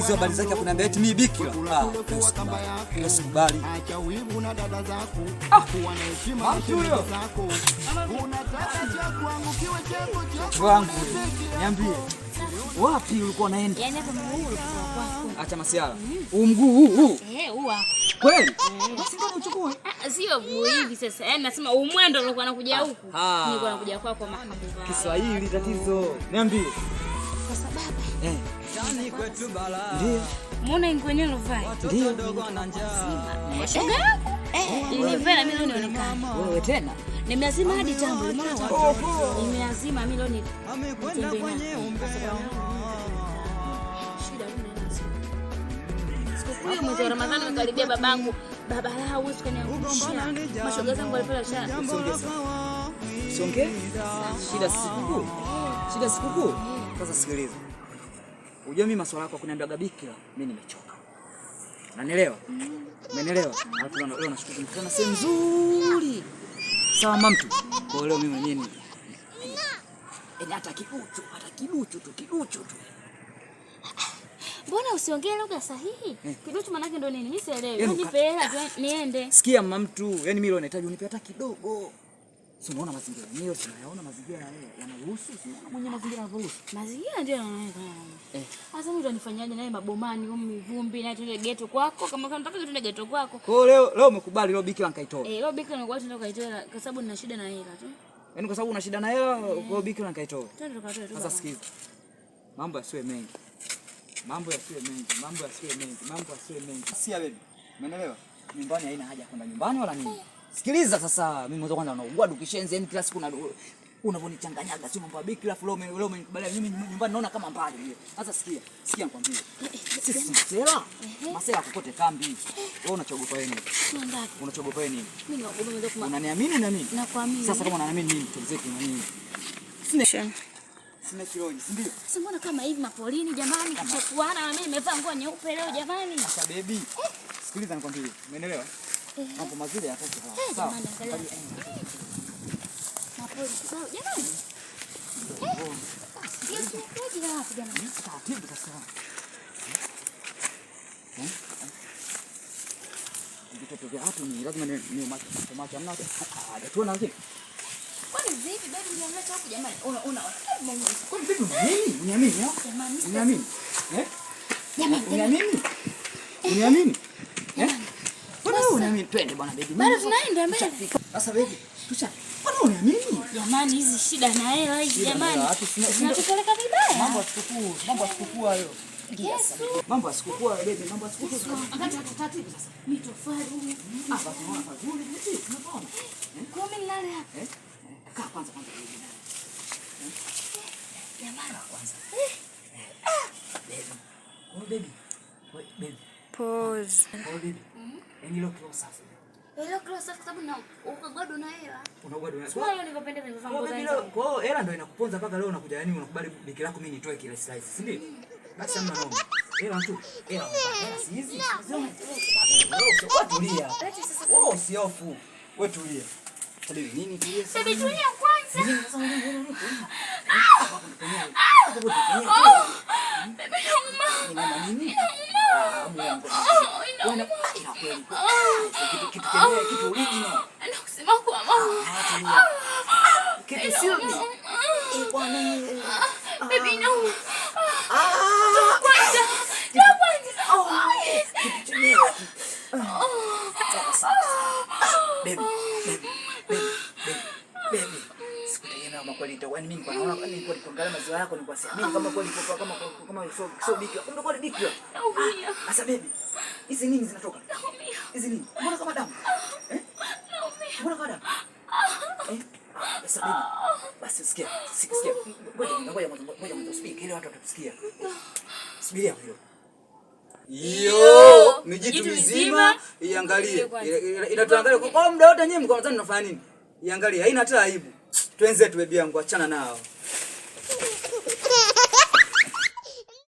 hizo habari zake akunaambia eti mimi bikira, ah, sikubali. Ah, Wangu niambie wapi ulikuwa unaenda? Yaani hapo mguu ulikuwa kwako. Acha masiala. Huu mguu huu huu. Eh, huu hapa. Kweli? Eh. Basi ndio uchukue. Ah, ah, sio mguu hivi sasa. Yaani nasema huu mwendo ulikuwa unakuja ah, huku. Nilikuwa nakuja kwako mahabuba. Kiswahili tatizo. Niambie. Kwa sababu eh. Ndani kwetu bala. Ndio. Muone nguo yenyewe ulovaa. Ndio. Shoga yako? Eh, eh. ni vela mimi nionekana. Wewe tena? Nimeazima hadi tangu leo. Nimeazima milioni. Amekwenda kwenye umbea. Shida nini? Sikukuu ya mwezi wa Ramadhani umekaribia babangu. Baba lao huwezi kuniangusha. Mashoga zangu walifanya shida. Songe? Shida sikukuu. Shida sikukuu. Sasa sikiliza. Unajua mimi maswala yako kuniambia gabiki la mimi nimechoka. Unanielewa? Mm. Umenielewa? Alafu leo nashukuru mkana sehemu nzuri sawa mamtu. Kwa leo mimi mwenyewe ni yaani hata kiduchu, hata kiduchu tu, kiduchu tu. Mbona usiongee lugha sahihi? Eh. Kiduchu maana yake ndo nini? Mimi sielewi. Nipe yaani hela niende. Sikia mamtu, yani mimi leo nahitaji unipe hata kidogo. Si unaona mazingira yenyewe, si unaona mazingira yanaruhusu, si unaona mwenye mazingira yanaruhusu. Mazingira ndio yanaweza. Eh. Sasa mimi utanifanyaje naye mabomani au mivumbi naye tuende geto kwako kama kama nataka tuende geto kwako. Kwa hiyo leo leo umekubali leo bikira nikaitoa. Eh, leo bikira nimekubali tuende kaitoa kwa sababu nina shida na hela tu. Yaani kwa sababu una shida na hela, eh. kwa hiyo bikira nikaitoa. Twende tukatoe tu. Sasa sikiza. Mambo yasiwe mengi. Mambo yasiwe mengi. Mambo yasiwe mengi. Mambo yasiwe mengi. Si baby. Umeelewa? Nyumbani haina haja kwenda nyumbani wala nini. Sikiliza sasa, mimi mwanzo kwanza naugua dukishenzi, yani kila siku unavyonichanganyanga, sio mambo ya biki, alafu leo leo umenikubalia mimi nyumbani naona kama mbali hiyo. Sasa sikia, sikia nikwambie. Sisi sera, masera kokote kambi. Wewe unachogopa yeye nini? Unachogopa yeye nini? Mimi naogopa mwanzo kama. Unaniamini na mimi? Nakuamini. Sasa kama unaniamini mimi tulize na mimi, Sina shame, sina kiroji, ndio? Sasa mbona kama hivi mapolini jamani, kuchekuana na mimi nimevaa nguo nyeupe leo jamani. Sasa baby, eh. sikiliza nikwambie. Umeelewa? Hapo mazuri yanatoka sawa. Vitoto hmm. oh. hmm, hmm. vya watu ni lazima ni macho macho, amna ah, ah, hajatuona lakini Uniamini? Uniamini? Jamani, hizi shida na hela hizi jamani, zinatupeleka vibaya. Mambo asikukua baby, mambo asikukua. Wakati wa taratibu sasa. Mitofali. Hmm, hapa tunaona pazuri, hivi tunaona. Kwa mimi nilale hapa. Eh? Eh? Eh, kaa kwanza kwanza. Jamani kwanza. Ah. Baby. Baby. Pause. Baby. Mm-hmm. Yaani leo kilo safi. Leo kilo safi sababu na ukagado na hela. Unaugado na Sio leo nilipopenda nilivyofunga ngozi. Kwa hiyo hela ndio inakuponza mpaka leo unakuja yani unakubali biki lako mimi nitoe kile slice, si ndio? Mm. Basi hamna noma. Hela tu. Hela. si hizi. Wewe tulia. Wewe hofu. Wewe tulia. Tulia nini tulia? Tulia kwanza. kweli. Ah, kitu kitu kile kitu original. Ah, Anakusema kwa mama. Ah, kitu sio ni. Bwana. Baby no. Ah. Kwanza. Oh, kwanza. Kitu kile. Baby. Baby. Baby. Sikutegemea kama kweli itakuwa mimi kwa naona mimi kwa kuangalia maziwa yako ni kwa sababu mimi kama kweli kwa kama kama so so bikira. Kumbe kweli bikira. Sasa baby. Hizi nini zinatoka? Hizi nini? Mbona kama damu? Eh? Mbona kama damu? Eh? eh Sasa bibi. Basi sikia. Sikia. Ngoja, ngoja, ngoja, ngoja speak ili watu watasikia. Subiria hiyo. Yo, mijitu mizima iangalie. Inatuangalia kwa muda wote nyinyi mko mnafanya nini? Iangalie. Haina hata aibu. Twenze tu bibi yangu, achana nao.